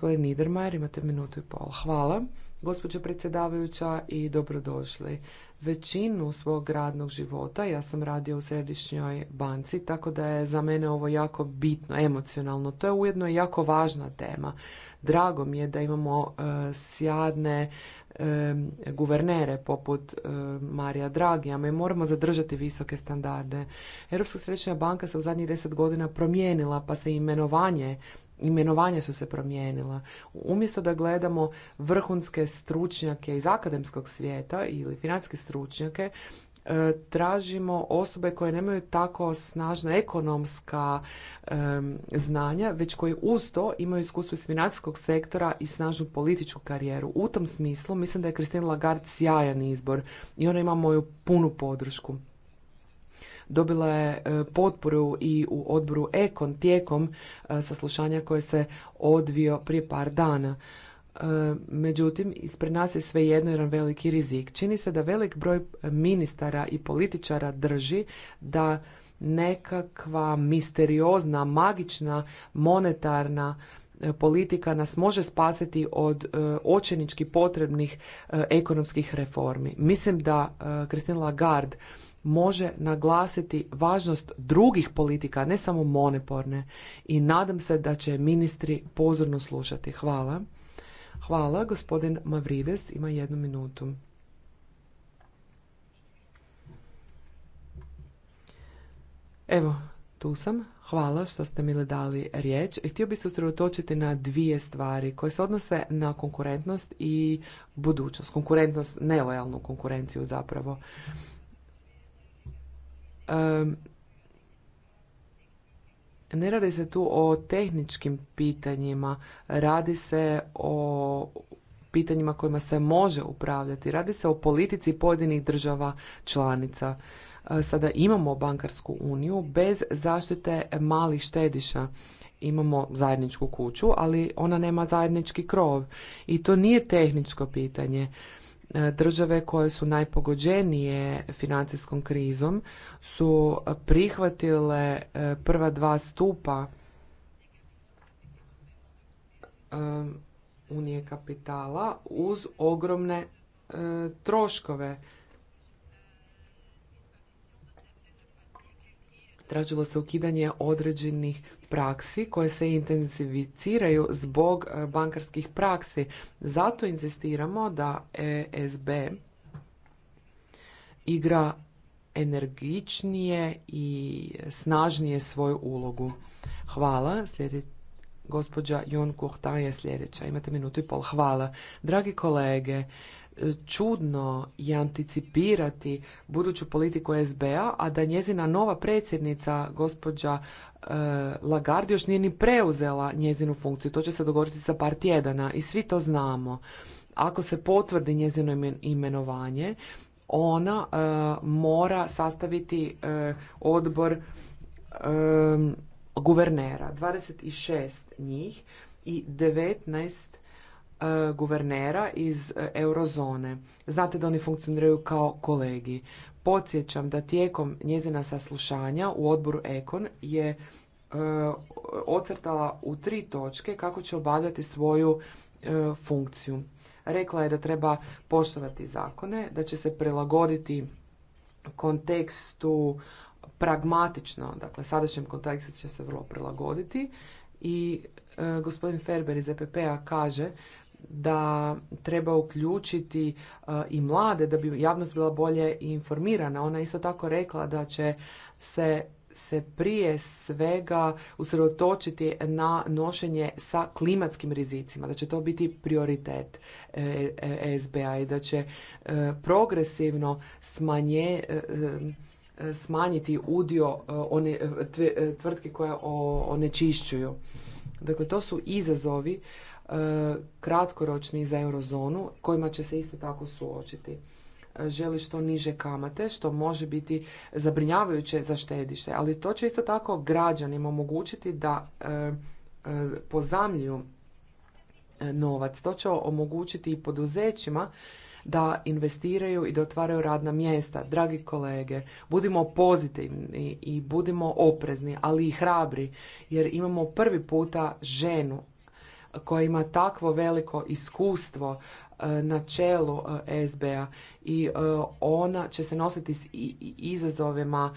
Gospodin Niedermayer, imate minutu i pol. Hvala, gospođo predsjedavajuća i dobrodošli. Većinu svog radnog života ja sam radio u središnjoj banci, tako da je za mene ovo jako bitno, emocionalno. To je ujedno jako važna tema. Drago mi je da imamo e, sjadne e, guvernere poput e, Marija Dragija, mi moramo zadržati visoke standarde. Europska središnja banka se u zadnjih deset godina promijenila, pa se imenovanje imenovanja su se promijenila. Umjesto da gledamo vrhunske stručnjake iz akademskog svijeta ili financijske stručnjake, e, tražimo osobe koje nemaju tako snažna ekonomska e, znanja, već koji uz to imaju iskustvo iz financijskog sektora i snažnu političku karijeru. U tom smislu mislim da je Christine Lagarde sjajan izbor i ona ima moju punu podršku dobila je e, potporu i u odboru Ekon tijekom e, saslušanja koje se odvio prije par dana. E, međutim, ispred nas je sve jedno jedan veliki rizik. Čini se da velik broj ministara i političara drži da nekakva misteriozna, magična, monetarna politika nas može spasiti od očenički potrebnih ekonomskih reformi. Mislim da Christine Lagarde može naglasiti važnost drugih politika, ne samo moneporne. I nadam se da će ministri pozorno slušati. Hvala. Hvala. Gospodin Mavrides ima jednu minutu. Evo, tu sam. Hvala što ste mi dali riječ. Htio bih se usredotočiti na dvije stvari koje se odnose na konkurentnost i budućnost. Konkurentnost, nelojalnu konkurenciju zapravo. Ne radi se tu o tehničkim pitanjima, radi se o pitanjima kojima se može upravljati. Radi se o politici pojedinih država članica. E, sada imamo bankarsku uniju bez zaštite malih štediša. Imamo zajedničku kuću, ali ona nema zajednički krov. I to nije tehničko pitanje. E, države koje su najpogođenije financijskom krizom su prihvatile e, prva dva stupa e, unije kapitala uz ogromne troškove. Tražilo se ukidanje određenih praksi koje se intenzificiraju zbog e, bankarskih praksi. Zato inzistiramo da ESB igra energičnije i snažnije svoju ulogu. Hvala. gospođa Jon Kuhtan je sljedeća. Imate minutu i pol. Hvala. Dragi kolege, čudno i anticipirati buduću politiku SBA, a da njezina nova predsjednica, gospođa Lagardi e, Lagarde, još nije ni preuzela njezinu funkciju. To će se dogoditi za par tjedana i svi to znamo. Ako se potvrdi njezino imenovanje, ona e, mora sastaviti e, odbor guvernera. 26 njih i 19 E, guvernera iz e, eurozone. Znate da oni funkcioniraju kao kolegi. Podsjećam da tijekom njezina saslušanja u odboru Ekon je e, ocrtala u tri točke kako će obavljati svoju funkciju. Rekla je da treba poštovati zakone, da će se prilagoditi kontekstu pragmatično, dakle sadašnjem kontekstu će se vrlo prilagoditi i gospodin Ferber iz EPP-a kaže da treba uključiti e, i mlade da bi javnost bila bolje informirana. Ona je isto tako rekla da će se se prije svega usredotočiti na nošenje sa klimatskim rizicima, da će to biti prioritet e, e, SBA i da će progresivno smanje, smanjiti udio one, tvrtke koje onečišćuju. Dakle, to su izazovi E, kratkoročni za eurozonu kojima će se isto tako suočiti e, želi što niže kamate, što može biti zabrinjavajuće za štedište, ali to će isto tako građanima omogućiti da e, pozamljuju novac. To će omogućiti i poduzećima da investiraju i da otvaraju radna mjesta. Dragi kolege, budimo pozitivni i budimo oprezni, ali i hrabri, jer imamo prvi puta ženu koja ima takvo veliko iskustvo e, na čelu ESB-a i e, ona će se nositi s izazovima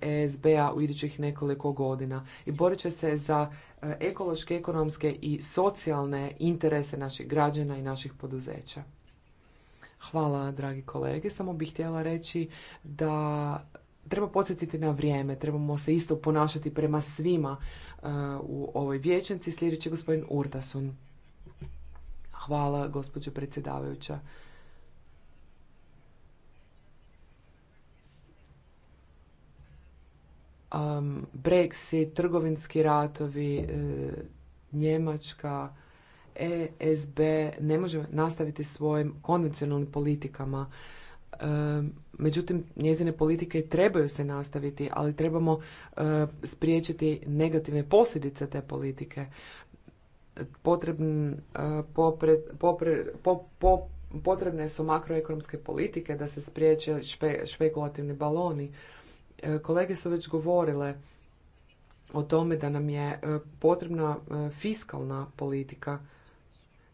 ESB-a u idućih nekoliko godina i borit će se za e, ekološke, ekonomske i socijalne interese naših građana i naših poduzeća. Hvala, dragi kolege. Samo bih htjela reći da treba podsjetiti na vrijeme, trebamo se isto ponašati prema svima e, u ovoj vječnici. Sljedeći gospodin Urtasun. Hvala, gospođo predsjedavajuća. Brexit, trgovinski ratovi, e, Njemačka, ESB ne može nastaviti svojim konvencionalnim politikama Međutim, njezine politike trebaju se nastaviti, ali trebamo e, spriječiti negativne posljedice te politike. E, potrebne su makroekonomske politike da se spriječe špekulativni baloni. E, kolege su već govorile o tome da nam je potrebna fiskalna politika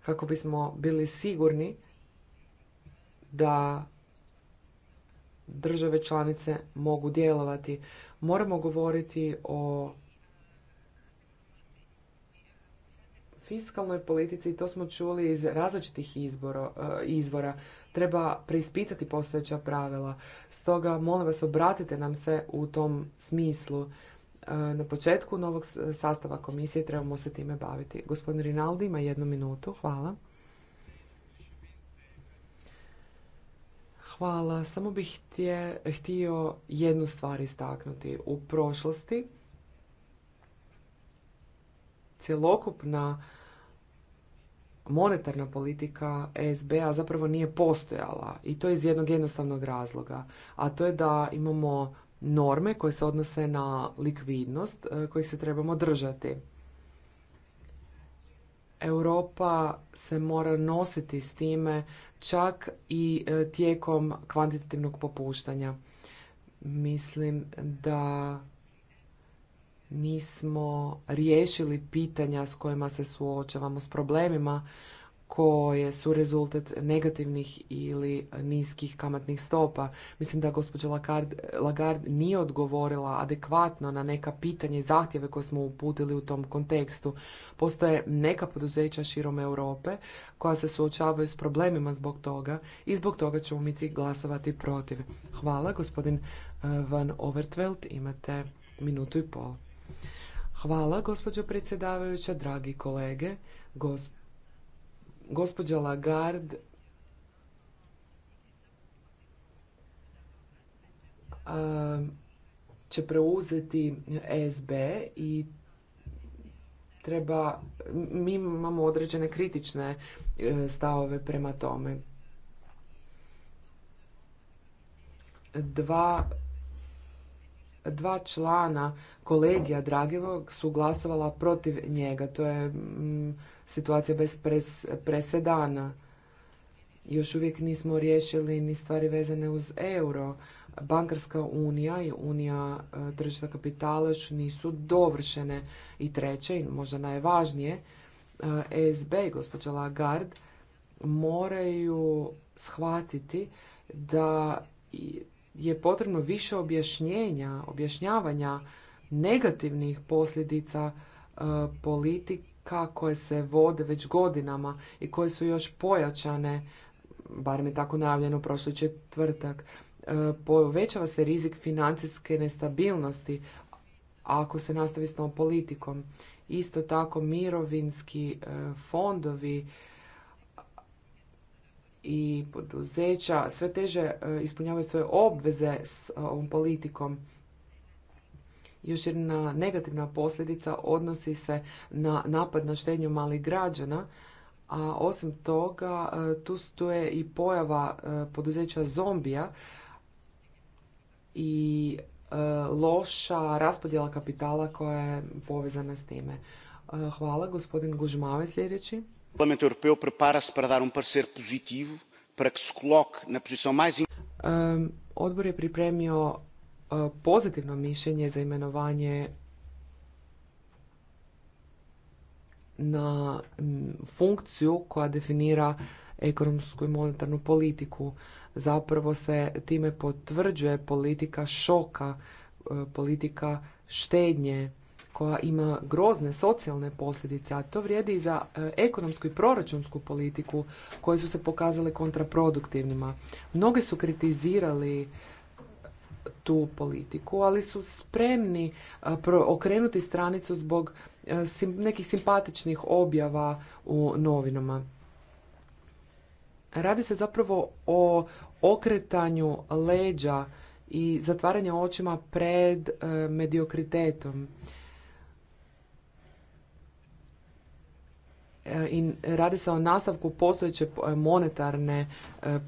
kako bismo bili sigurni da države članice mogu djelovati. Moramo govoriti o fiskalnoj politici, to smo čuli iz različitih izboro e, izvora, treba preispitati postojeća pravila. Stoga, molim vas, obratite nam se u tom smislu. E, na početku novog sastava komisije trebamo se time baviti. Gospodin Rinaldi ima jednu minutu. Hvala. Hvala. Samo bih htio jednu stvar istaknuti. U prošlosti cjelokupna monetarna politika SBA zapravo nije postojala i to iz jednog jednostavnog razloga, a to je da imamo norme koje se odnose na likvidnost e, kojih se trebamo držati. Europa se mora nositi s time čak i e, tijekom kvantitativnog popuštanja. Mislim da nismo riješili pitanja s kojima se suočavamo, s problemima koje su rezultat negativnih ili niskih kamatnih stopa. Mislim da gospođa Lagarde, nije odgovorila adekvatno na neka pitanja i zahtjeve koje smo uputili u tom kontekstu. Postoje neka poduzeća širom Europe koja se suočavaju s problemima zbog toga i zbog toga ćemo mi glasovati protiv. Hvala, gospodin eh, Van Overtveld, imate minutu i pol. Hvala, gospođo predsjedavajuća, dragi kolege, gospođo Gospođa Lagarde će preuzeti SB i treba, mi imamo određene kritične e, stavove prema tome. Dva, dva člana kolegija Dragevog su glasovala protiv njega. To je mm, situacija bez presedana. Još uvijek nismo riješili ni stvari vezane uz euro. Bankarska unija i unija e, tržišta kapitala još nisu dovršene. I treće, i možda najvažnije, ESB i gospođa Lagarde moraju shvatiti da je potrebno više objašnjenja, objašnjavanja negativnih posljedica e, politik koje se vode već godinama i koje su još pojačane, bar mi tako najavljeno prošli četvrtak, e, povećava se rizik financijske nestabilnosti ako se nastavi s tom politikom. Isto tako mirovinski e, fondovi i poduzeća sve teže e, ispunjavaju svoje obveze s ovom politikom još jedna negativna posljedica odnosi se na napad na štednju malih građana, a osim toga e, tu stoje i pojava e, poduzeća zombija i e, loša raspodjela kapitala koja je povezana s time. Hvala, gospodin Gužmave, sljedeći. Parlamento prepara-se para dar um parecer para que se coloque na posição mais... Odbor je pripremio E, pozitivno mišljenje za imenovanje na funkciju koja definira ekonomsku i monetarnu politiku. Zapravo se time potvrđuje politika šoka, e, politika štednje koja ima grozne socijalne posljedice, a to vrijedi i za e, ekonomsku i proračunsku politiku koje su se pokazale kontraproduktivnima. Mnogi su kritizirali tu politiku, ali su spremni eh, okrenuti stranicu zbog eh, nekih simpatičnih objava u novinama. Radi se zapravo o okretanju leđa i zatvaranju očima pred eh, mediokritetom. i radi se o nastavku postojeće monetarne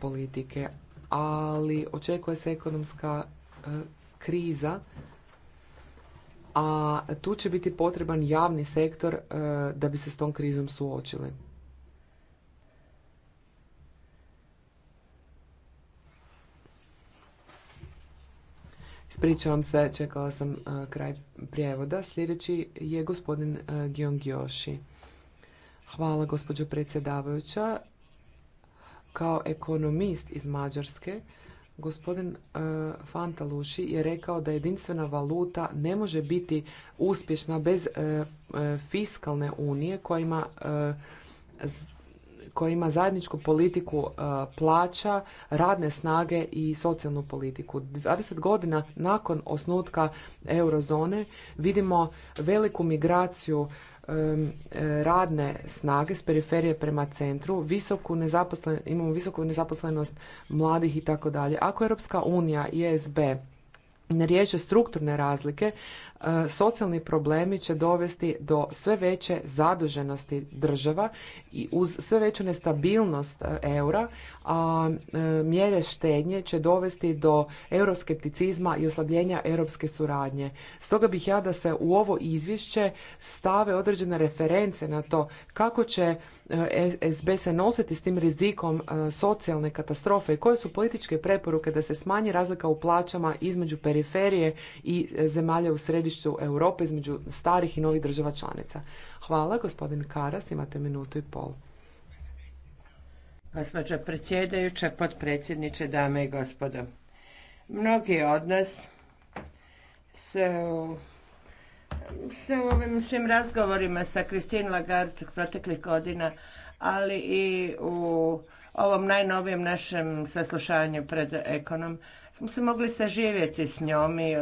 politike, ali očekuje se ekonomska E, kriza, a tu će biti potreban javni sektor e, da bi se s tom krizom suočili. Ispričavam se, čekala sam e, kraj prijevoda. Sljedeći je gospodin Gion Hvala gospođo predsjedavajuća. Kao ekonomist iz Mađarske Gospodin e, Fantaluši je rekao da jedinstvena valuta ne može biti uspješna bez e, e, fiskalne unije koja ima zajedničku politiku plaća, radne snage i socijalnu politiku. 20 godina nakon osnutka eurozone vidimo veliku migraciju E, radne snage s periferije prema centru, visoku imamo visoku nezaposlenost mladih i tako dalje. Ako Europska unija i ESB ne riješe strukturne razlike, E, socijalni problemi će dovesti do sve veće zaduženosti država i uz sve veću nestabilnost e, eura, a e, mjere štednje će dovesti do euroskepticizma i oslabljenja europske suradnje. Stoga bih ja da se u ovo izvješće stave određene reference na to kako će SB se nositi s tim rizikom socijalne katastrofe i koje su političke preporuke da se smanji razlika u plaćama između periferije i zemalja u središnjoj središtu Europe između starih i novih država članica. Hvala, gospodin Karas, imate minutu i pol. Gospođo predsjedajuća, podpredsjedniče, dame i gospodo. Mnogi od nas se u se u ovim svim razgovorima sa Christine Lagarde proteklih godina, ali i u ovom najnovijem našem saslušanju pred ekonom, smo se mogli saživjeti s njom i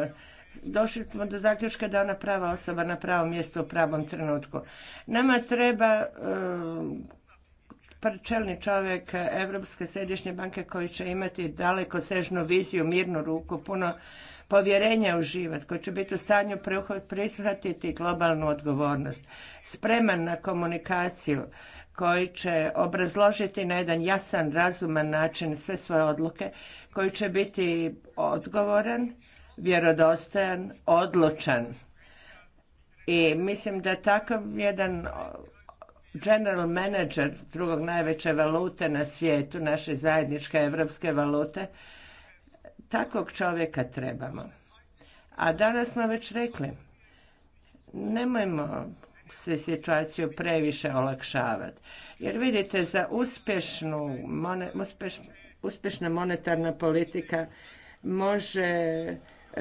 došli smo do zaključka da ona prava osoba na pravom mjestu u pravom trenutku. Nama treba e, čelni čovjek Europske središnje banke koji će imati daleko sežnu viziju, mirnu ruku, puno povjerenja u život, koji će biti u stanju prihvatiti globalnu odgovornost, spreman na komunikaciju, koji će obrazložiti na jedan jasan, razuman način sve svoje odluke, koji će biti odgovoran vjerodostojan, odlučan. I mislim da takav jedan general manager drugog najveće valute na svijetu, naše zajedničke evropske valute, takvog čovjeka trebamo. A danas smo već rekli, nemojmo se situaciju previše olakšavati. Jer vidite, za uspješnu, uspješna monetarna politika može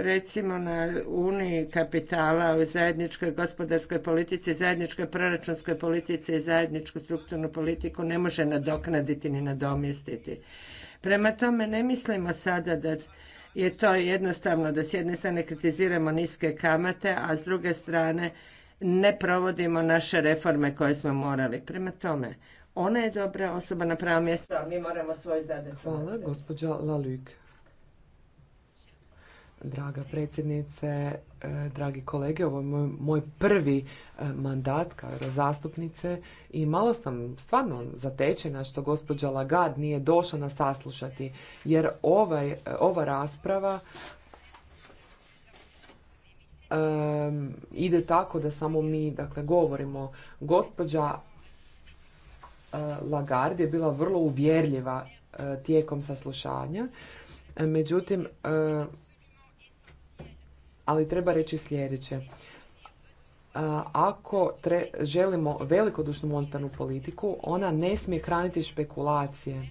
recimo na Uniji kapitala, u zajedničkoj gospodarskoj politici, zajedničkoj proračunskoj politici i zajedničku strukturnu politiku ne može nadoknaditi ni nadomjestiti. Prema tome ne mislimo sada da je to jednostavno da s jedne strane kritiziramo niske kamate, a s druge strane ne provodimo naše reforme koje smo morali. Prema tome, ona je dobra osoba na pravo mjesto, ali mi moramo svoju zadaću. Hvala, gospođa Laluk. Draga predsjednice, e, dragi kolege, ovo je moj prvi e, mandat kao zastupnice i malo sam stvarno zatečena što gospođa Lagard nije došla nas saslušati, jer ovaj, ova rasprava ide tako da samo mi dakle, govorimo. Gospođa e, Lagard je bila vrlo uvjerljiva tijekom saslušanja, međutim ali treba reći sljedeće. Ako želimo velikodušnu monetarnu politiku, ona ne smije hraniti špekulacije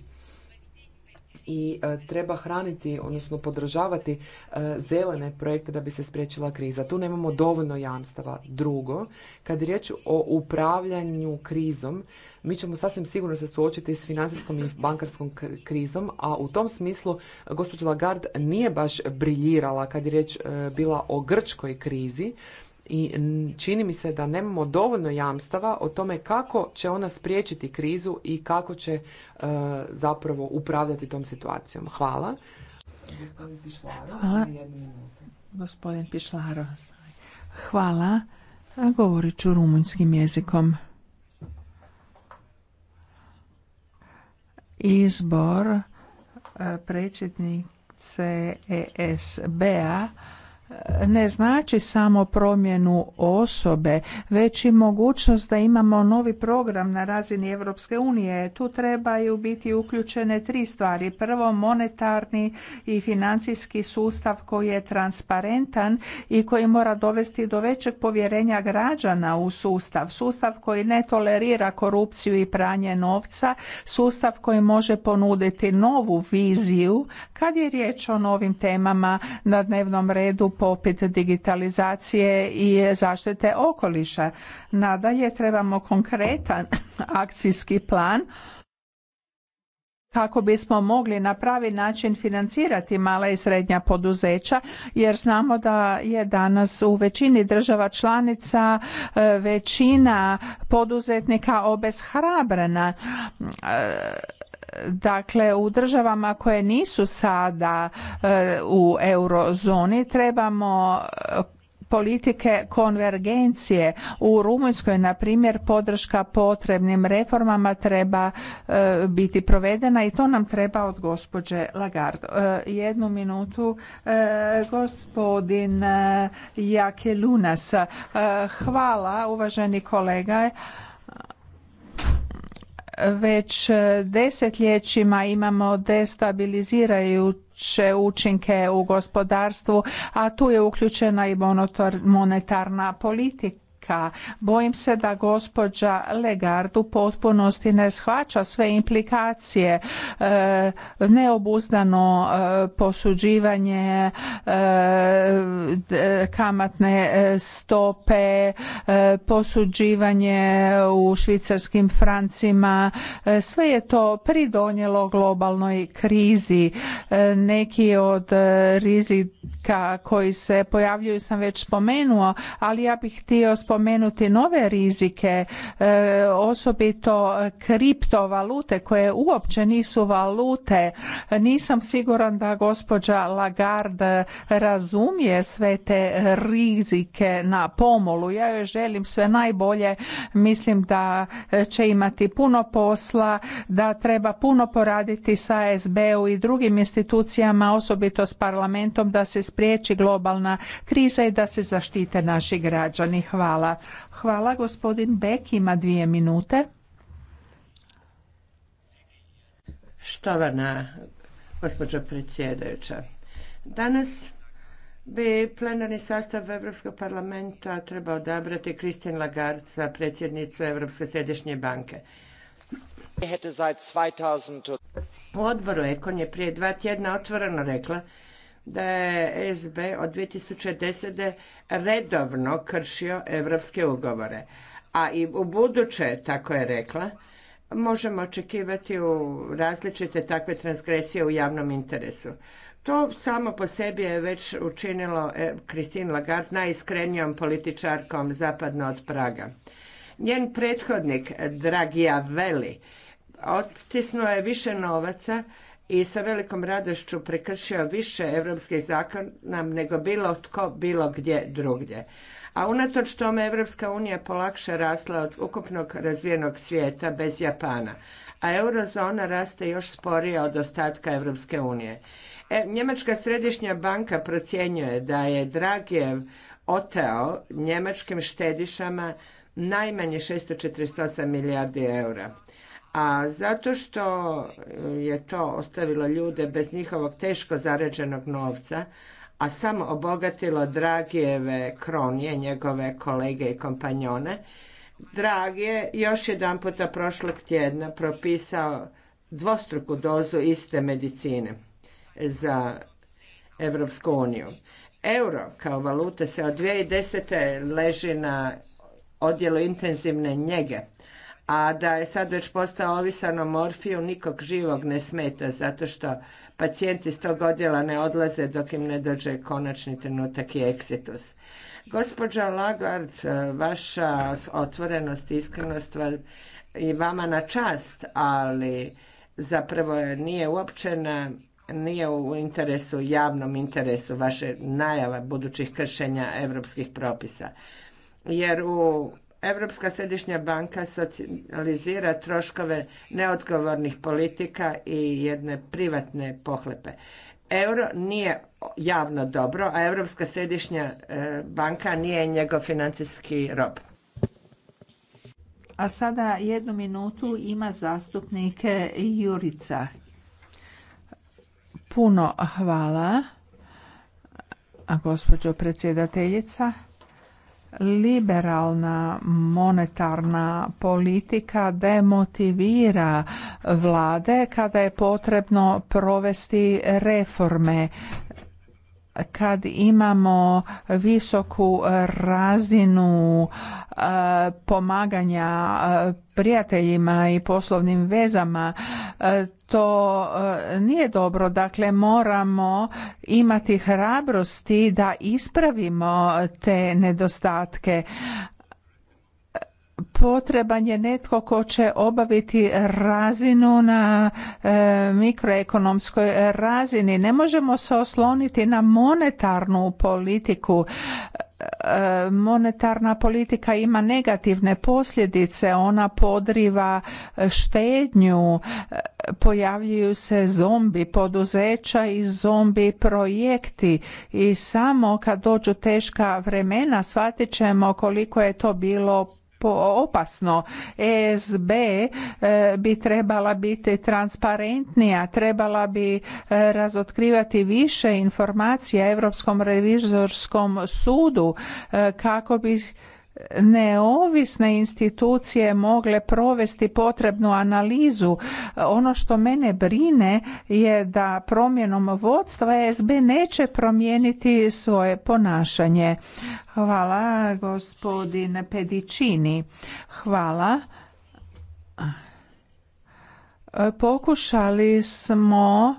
i e, treba hraniti, odnosno podržavati e, zelene projekte da bi se spriječila kriza. Tu nemamo dovoljno jamstava. Drugo, kad je riječ o upravljanju krizom, mi ćemo sasvim sigurno se suočiti s financijskom i bankarskom krizom, a u tom smislu gospođa Lagarde nije baš briljirala kad je riječ e, bila o grčkoj krizi, i čini mi se da nemamo dovoljno jamstava o tome kako će ona spriječiti krizu i kako će e, zapravo upravljati tom situacijom. Hvala. Gospodin Hvala. Gospodin Pišlaro. Hvala. Govorit ću rumunjskim jezikom. Izbor e, predsjednice ESB-a ne znači samo promjenu osobe, već i mogućnost da imamo novi program na razini Europske unije. Tu trebaju biti uključene tri stvari. Prvo, monetarni i financijski sustav koji je transparentan i koji mora dovesti do većeg povjerenja građana u sustav. Sustav koji ne tolerira korupciju i pranje novca. Sustav koji može ponuditi novu viziju kad je riječ o novim temama na dnevnom redu popit digitalizacije i zaštite okoliša, nadalje trebamo konkretan akcijski plan kako bismo mogli na pravi način financirati mala i srednja poduzeća jer znamo da je danas u većini država članica e, većina poduzetnika obeshrabrena e, Dakle, u državama koje nisu sada e, u eurozoni trebamo e, politike konvergencije. U Rumunjskoj, na primjer, podrška potrebnim reformama treba e, biti provedena i to nam treba od gospođe Lagarde. jednu minutu, gospodin Jake Lunas. Hvala, uvaženi kolega već desetljećima imamo destabilizirajuće učinke u gospodarstvu, a tu je uključena i monetarna politika rizika. Bojim se da gospođa Legard u potpunosti ne shvaća sve implikacije e, neobuzdano e, posuđivanje e, kamatne stope, posuđivanje u švicarskim francima, sve je to pridonijelo globalnoj krizi. Neki od rizika koji se pojavljuju sam već spomenuo, ali ja bih htio spomenuti spomenuti nove rizike, e, osobito kriptovalute koje uopće nisu valute. Nisam siguran da gospođa Lagarde razumije sve te rizike na pomolu. Ja joj želim sve najbolje. Mislim da će imati puno posla, da treba puno poraditi sa SB-u i drugim institucijama, osobito s parlamentom, da se spriječi globalna kriza i da se zaštite naši građani. Hvala. Hvala. gospodin Bek ima dvije minute. Štovana gospođo predsjedajuća, danas bi plenarni sastav Europskog parlamenta trebao odabrati Kristin Lagarde za predsjednicu Europske središnje banke. U odboru Ekon je prije dva tjedna otvoreno rekla da je SB od 2010. redovno kršio evropske ugovore. A i u buduće, tako je rekla, možemo očekivati u različite takve transgresije u javnom interesu. To samo po sebi je već učinilo Kristin e, Lagarde najiskrenijom političarkom zapadno od Praga. Njen prethodnik Dragija Veli otisnuo je više novaca i sa velikom radošću prekršio više evropskih zakona nego bilo tko bilo gdje drugdje. A unatoč tome Evropska unija polakše rasla od ukupnog razvijenog svijeta bez Japana, a eurozona raste još sporije od ostatka Evropske unije. E, Njemačka središnja banka procjenjuje da je Dragijev oteo njemačkim štedišama najmanje 648 milijardi eura a zato što e, je to ostavilo ljude bez njihovog teško zarađenog novca, a samo obogatilo Dragijeve kronije, njegove kolege i kompanjone, Drag je još jedan puta prošlog tjedna propisao dvostruku dozu iste medicine za Evropsku uniju. Euro kao valuta se od 2010. leži na odjelu intenzivne njege a da je sad već postao ovisan o morfiju nikog živog ne smeta zato što pacijenti s tog odjela ne odlaze dok im ne dođe konačni trenutak i eksitus. Gospođa Lagard, vaša otvorenost i iskrenost i vama na čast, ali zapravo nije uopće nije u interesu, javnom interesu vaše najava budućih kršenja europskih propisa. Jer u Europska središnja banka socijalizira troškove neodgovornih politika i jedne privatne pohlepe. Euro nije javno dobro, a Europska središnja e, banka nije njegov financijski rob. A sada jednu minutu ima zastupnike Jurica. Puno hvala, a gospođo predsjedateljica liberalna monetarna politika demotivira vlade kada je potrebno provesti reforme kad imamo visoku razinu e, pomaganja e, prijateljima i poslovnim vezama e, to nije dobro dakle moramo imati hrabrosti da ispravimo te nedostatke potreban je netko ko će obaviti razinu na e, mikroekonomskoj razini. Ne možemo se osloniti na monetarnu politiku. E, monetarna politika ima negativne posljedice, ona podriva štednju, e, pojavljuju se zombi poduzeća i zombi projekti i samo kad dođu teška vremena shvatit ćemo koliko je to bilo opasno. ESB e, bi trebala biti transparentnija, trebala bi e, razotkrivati više informacija Europskom revizorskom sudu e, kako bi neovisne institucije mogle provesti potrebnu analizu. Ono što mene brine je da promjenom vodstva SB neće promijeniti svoje ponašanje. Hvala gospodin Pedičini. Hvala. Pokušali smo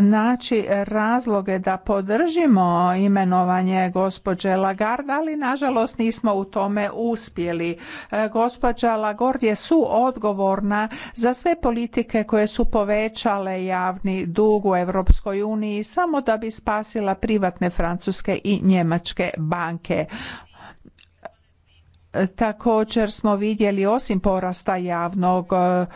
naći razloge da podržimo imenovanje gospođe Lagarde, ali nažalost nismo u tome uspjeli. E, gospođa Lagarde je suodgovorna za sve politike koje su povećale javni dug u Europskoj uniji samo da bi spasila privatne francuske i njemačke banke. E, također smo vidjeli osim porasta javnog e,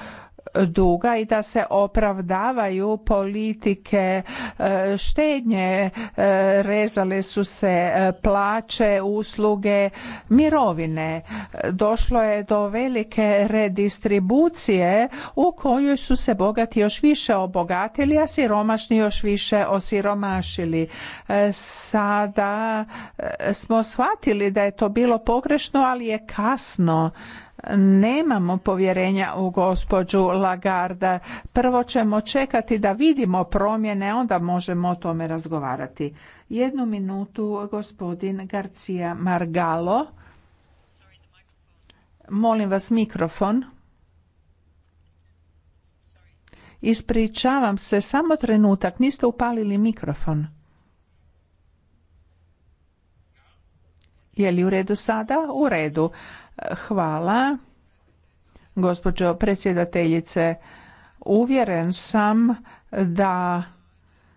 duga i da se opravdavaju politike e, štednje. E, rezale su se e, plaće, usluge, mirovine. Došlo je do velike redistribucije u kojoj su se bogati još više obogatili, a siromašni još više osiromašili. Sada smo shvatili da je to bilo pogrešno, ali je kasno nemamo povjerenja u gospođu Lagarda. Prvo ćemo čekati da vidimo promjene, onda možemo o tome razgovarati. Jednu minutu gospodin Garcia Margalo. Molim vas mikrofon. Ispričavam se, samo trenutak, niste upalili mikrofon. Je li u redu sada? U redu. Hvala, gospođo predsjedateljice. Uvjeren sam da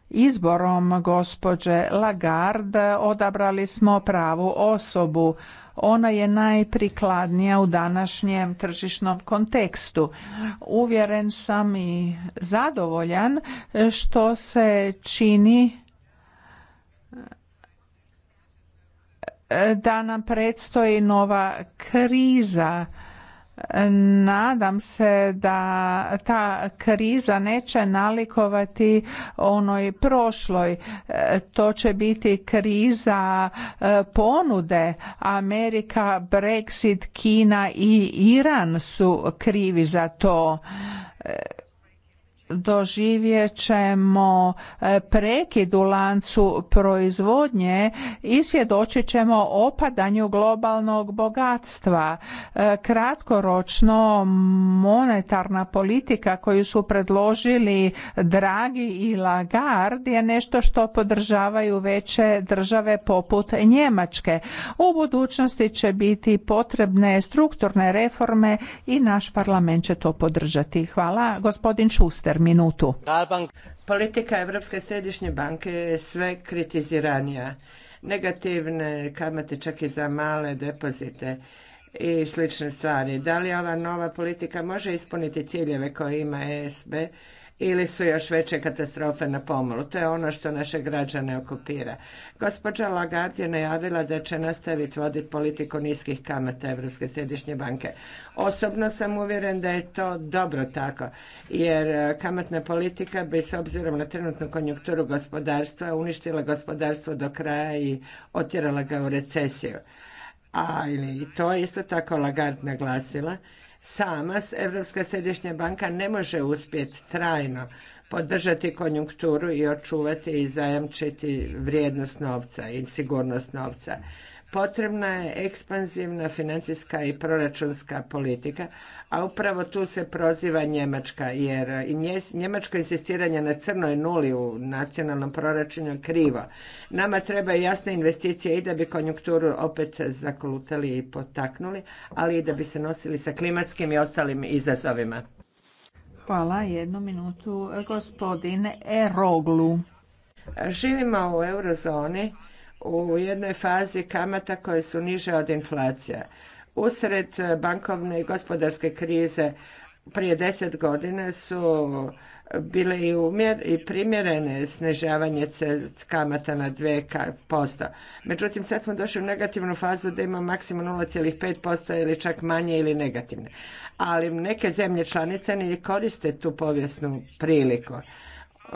izborom gospođe Lagarde odabrali smo pravu osobu. Ona je najprikladnija u današnjem tržišnom kontekstu. Uvjeren sam i zadovoljan što se čini da nam predstoji nova kriza. Nadam se da ta kriza neće nalikovati onoj prošloj. To će biti kriza e, ponude. Amerika, Brexit, Kina i Iran su krivi za to doživjet ćemo e, prekid u lancu proizvodnje i svjedočit ćemo opadanju globalnog bogatstva. E, kratkoročno monetarna politika koju su predložili Dragi i Lagard je nešto što podržavaju veće države poput Njemačke. U budućnosti će biti potrebne strukturne reforme i naš parlament će to podržati. Hvala. Gospodin Šuster minutu. Politika Europske središnje banke je sve kritiziranija. Negativne kamate čak i za male depozite i slične stvari. Da li ova nova politika može ispuniti ciljeve koje ima ESB ili su još veće katastrofe na pomolu. To je ono što naše građane okupira. Gospođa Lagarde je najavila da će nastaviti voditi politiku niskih kamata Europske središnje banke. Osobno sam uvjeren da je to dobro tako, jer e, kamatna politika bi s obzirom na trenutnu konjunkturu gospodarstva uništila gospodarstvo do kraja i otjerala ga u recesiju. A i to je isto tako Lagarde naglasila sama Europska središnja banka ne može uspjeti trajno podržati konjunkturu i očuvati i zajamčiti vrijednost novca i sigurnost novca. Potrebna je ekspanzivna financijska i proračunska politika, a upravo tu se proziva Njemačka, jer Njemačko insistiranje na crnoj nuli u nacionalnom proračunu je krivo. Nama treba jasne investicije i da bi konjunkturu opet zaklutali i potaknuli, ali i da bi se nosili sa klimatskim i ostalim izazovima. Hvala, jednu minutu, gospodin Eroglu. Živimo u eurozoni u jednoj fazi kamata koje su niže od inflacija. Usred bankovne i gospodarske krize prije deset godina su bile i, umjer, i primjerene snižavanje kamata na 2%. Međutim, sad smo došli u negativnu fazu da imamo maksimum 0,5% ili čak manje ili negativne. Ali neke zemlje članice ne koriste tu povijesnu priliku.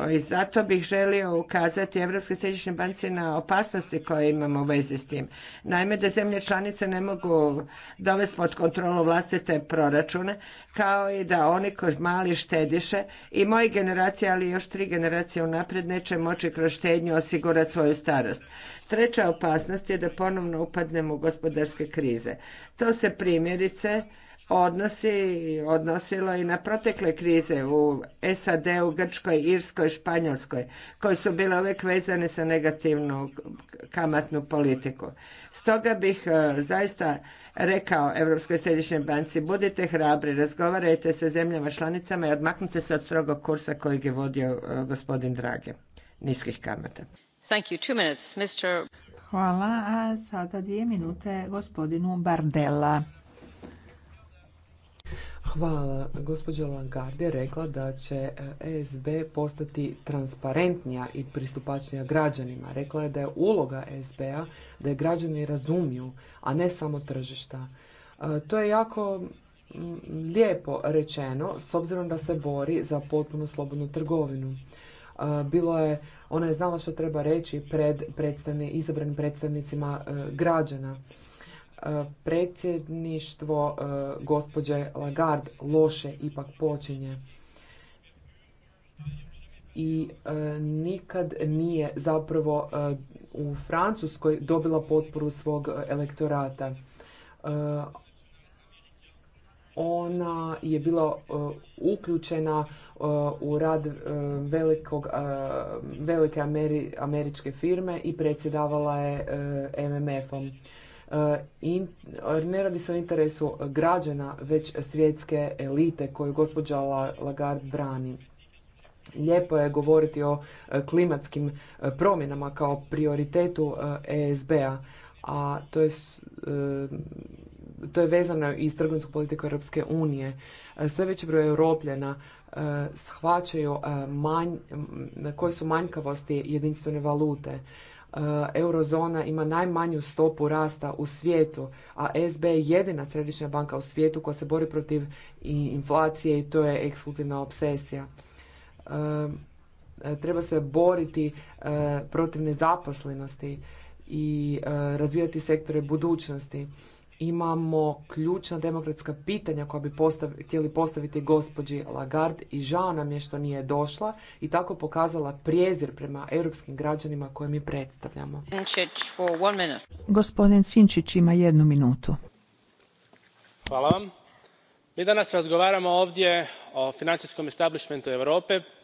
I zato bih želio ukazati Evropske središnjoj banci na opasnosti koje imamo u vezi s tim. Naime, da zemlje članice ne mogu dovesti pod kontrolu vlastite proračune, kao i da oni koji mali štediše i moje generacije, ali još tri generacije unaprijed neće moći kroz štednju osigurati svoju starost. Treća opasnost je da ponovno upadnemo u gospodarske krize. To se primjerice odnosi odnosilo i na protekle krize u SAD-u, Grčkoj, Irskoj, Španjolskoj, koje su bile uvijek vezane sa negativnu kamatnu politiku. Stoga bih e, zaista rekao Europskoj središnjoj banci, budite hrabri, razgovarajte sa zemljama članicama i odmaknite se od strogog kursa kojeg je vodio e, gospodin Drage, niskih kamata. Hvala, a sada dvije minute gospodinu Bardella. Hvala. Gospođa Lagarde je rekla da će ESB postati transparentnija i pristupačnija građanima. Rekla je da je uloga ESB-a da je građani razumiju, a ne samo tržišta. E, to je jako lijepo rečeno, s obzirom da se bori za potpuno slobodnu trgovinu. E, bilo je, ona je znala što treba reći pred predstavni, izabranim predstavnicima e, građana E, predsjedništvo e, gospođe Lagarde loše ipak počinje i e, nikad nije zapravo u Francuskoj dobila potporu svog elektorata. ona je bila uključena u rad velikog, velike američke firme i predsjedavala je MMF-om. E, in, ne radi se o interesu građana, već svjetske elite koju gospođa Lagarde brani. Lijepo je govoriti o e, klimatskim e, promjenama kao prioritetu ESB-a, a to je to je vezano i s trgovinsku politiku Europske unije. Sve veći broj europljena shvaćaju manj, koje su manjkavosti jedinstvene valute. Eh, eurozona ima najmanju stopu rasta u svijetu, a SB je jedina središnja banka u svijetu koja se bori protiv inflacije i to je ekskluzivna obsesija. Eh, treba se boriti eh, protiv nezaposlenosti i razvijati sektore budućnosti imamo ključna demokratska pitanja koja bi htjeli postaviti gospođi Lagarde i žao nam je što nije došla i tako pokazala prijezir prema europskim građanima koje mi predstavljamo. Gospodin Sinčić ima jednu minutu. Hvala vam. Mi danas razgovaramo ovdje o financijskom establishmentu Europe,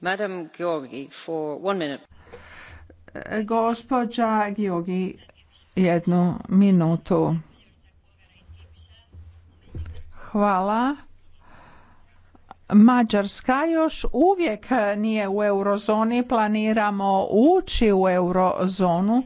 Madam Gospođa Georgi, jednu minutu. Hvala. Mađarska još uvijek nije u eurozoni, planiramo ući u eurozonu,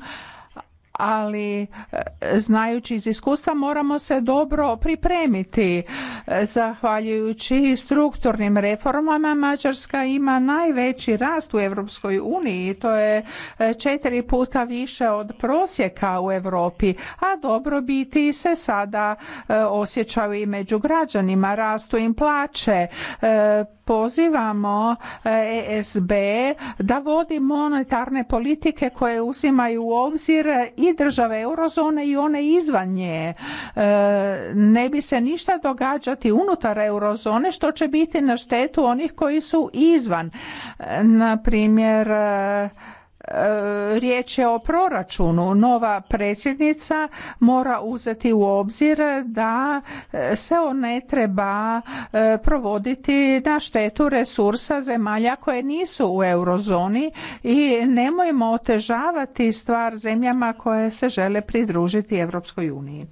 ali e, znajući iz iskustva moramo se dobro pripremiti. E, zahvaljujući strukturnim reformama Mađarska ima najveći rast u Europskoj uniji, to je e, četiri puta više od prosjeka u Europi, a dobrobiti se sada osjećaju i među građanima, rastu im plaće. Pozivamo ESB da vodi monetarne politike koje uzimaju u obzir i države eurozone i one izvan nje. E, ne bi se ništa događati unutar eurozone što će biti na štetu onih koji su izvan. E, na primjer, e, E, riječ je o proračunu. Nova predsjednica mora uzeti u obzir da e, se on ne treba e, provoditi na štetu resursa zemalja koje nisu u eurozoni i nemojmo otežavati stvar zemljama koje se žele pridružiti Europskoj uniji.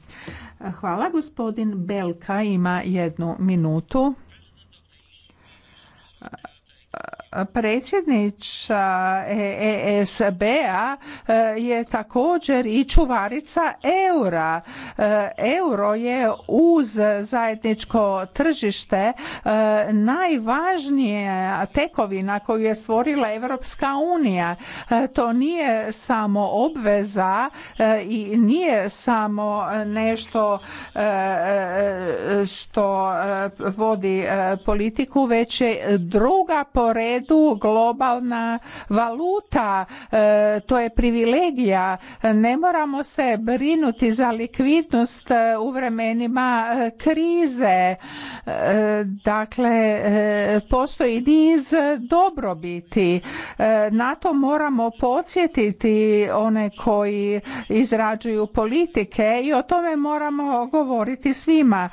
Hvala. Gospodin Belka ima jednu minutu predsjednica ESB-a e e, je također i čuvarica eura. E, euro je uz zajedničko tržište najvažnija tekovina koju je stvorila Europska unija. To nije samo obveza i nije samo nešto što vodi politiku, već je druga po globalna valuta, e, to je privilegija. Ne moramo se brinuti za likvidnost e, u vremenima e, krize. Dakle, postoji niz dobrobiti. Na to moramo podsjetiti one koji izrađuju politike i o tome moramo govoriti svima.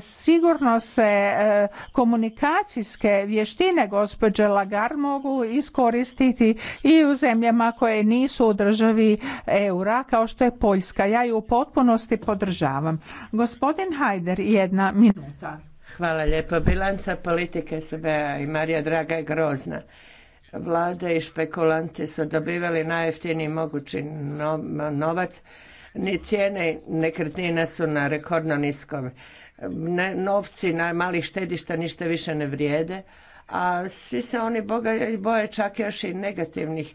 Sigurno se komunikacijske vještine gospođe gar mogu iskoristiti i u zemljama koje nisu u državi eura kao što je Poljska. Ja ju u potpunosti podržavam. Gospodin Hajder, jedna minuta. Hvala lijepo. Bilanca politike SBA i Marija Draga je grozna. Vlade i špekulanti su dobivali najjeftiniji mogući novac. Ni cijene nekretnina su na rekordno niskom. novci na malih štedišta ništa više ne vrijede, a svi se oni boje čak još i negativnih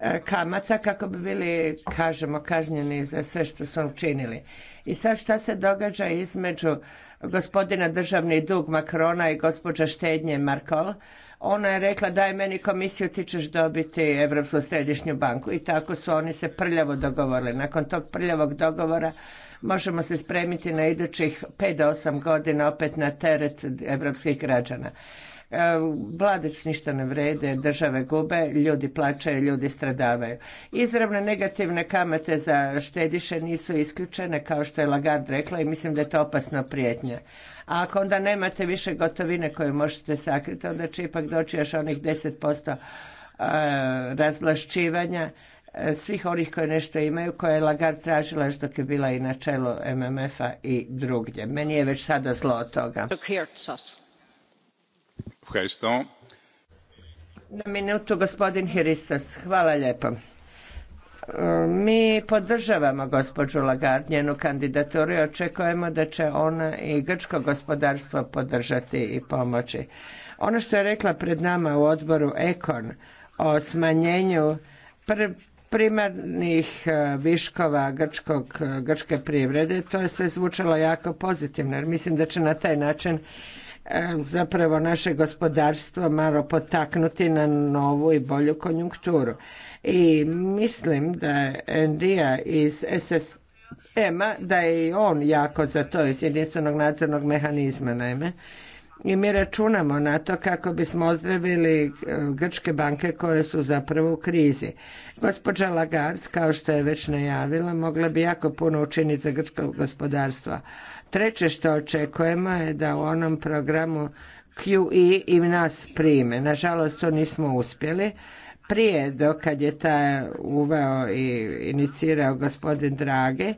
e, kamata kako bi bili, kažemo, kažnjeni za sve što su učinili. I sad šta se događa između gospodina državni dug Makrona i gospođa štednje Markol? Ona je rekla daj meni komisiju, ti ćeš dobiti Evropsku središnju banku. I tako su oni se prljavo dogovorili. Nakon tog prljavog dogovora možemo se spremiti na idućih 5 8 godina opet na teret evropskih građana. E, Vladić ništa ne vrede, države gube, ljudi plaćaju, ljudi stradavaju. Izravne negativne kamate za štediše nisu isključene, kao što je Lagard rekla i mislim da je to opasna prijetnja. A ako onda nemate više gotovine koje možete sakriti, onda će ipak doći još onih 10% e, razlašćivanja e, svih onih koji nešto imaju, koje je lagar tražila još dok je bila i na čelu MMF-a i drugdje. Meni je već sada zlo od toga. Na minutu gospodin Hristos. Hvala lijepo. Mi podržavamo gospođu Lagarde, njenu kandidaturu i očekujemo da će ona i grčko gospodarstvo podržati i pomoći. Ono što je rekla pred nama u odboru Ekon o smanjenju primarnih e, viškova e, grčke privrede, to je sve zvučalo jako pozitivno jer mislim da će na taj način E, zapravo naše gospodarstvo malo potaknuti na novu i bolju konjunkturu. I mislim da je NDA iz SS a da je i on jako za to iz jedinstvenog nadzornog mehanizma, naime. I mi računamo na to kako bismo ozdravili e, grčke banke koje su zapravo u krizi. Gospođa Lagarde, kao što je već najavila, mogla bi jako puno učiniti za grčko gospodarstvo Treće što očekujemo je da u onom programu QE i nas prime. Nažalost, to nismo uspjeli. Prije, dokad je ta uveo i inicirao gospodin Drage,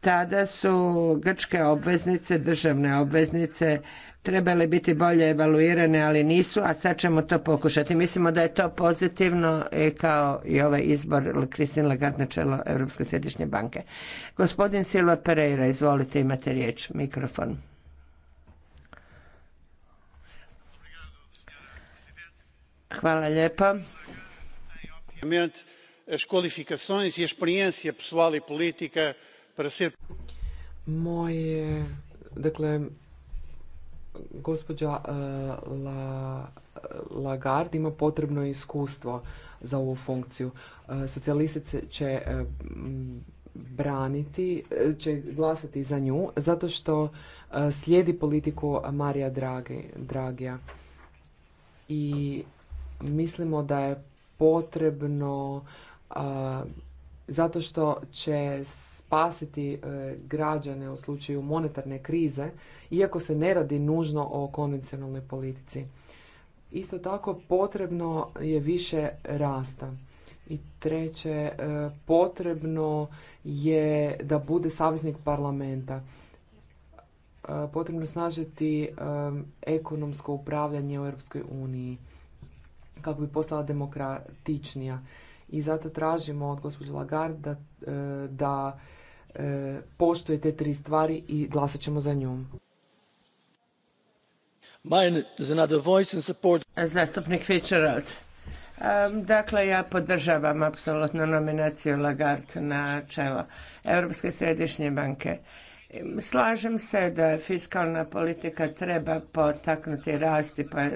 tada su grčke obveznice, državne obveznice trebale biti bolje evaluirane, ali nisu, a sad ćemo to pokušati. Mislimo da je to pozitivno kao i ovaj izbor Kristin Lagarde na čelo Europske središnje banke. Gospodin Silva Pereira, izvolite, imate riječ, mikrofon. Hvala lijepa. E e Moje, dakle, gospođa e, Lagarde ima potrebno iskustvo za ovu funkciju. E, Socijalisti će e, braniti, će glasati za nju, zato što slijedi politiku Marija Dragija. I mislimo da je potrebno zato što će spasiti e, građane u slučaju monetarne krize, iako se ne radi nužno o konvencionalnoj politici. Isto tako potrebno je više rasta. I treće, e, potrebno je da bude saveznik parlamenta. E, potrebno snažiti ekonomsko upravljanje u Europskoj uniji kako bi postala demokratičnija. I zato tražimo od gospođe Lagarde da E, postoje te tri stvari i glasat ćemo za nju. Zastupnik Fitzgerald. E, dakle, ja podržavam apsolutno nominaciju Lagarde na čelo Europske središnje banke. Slažem se da fiskalna politika treba potaknuti rasti pa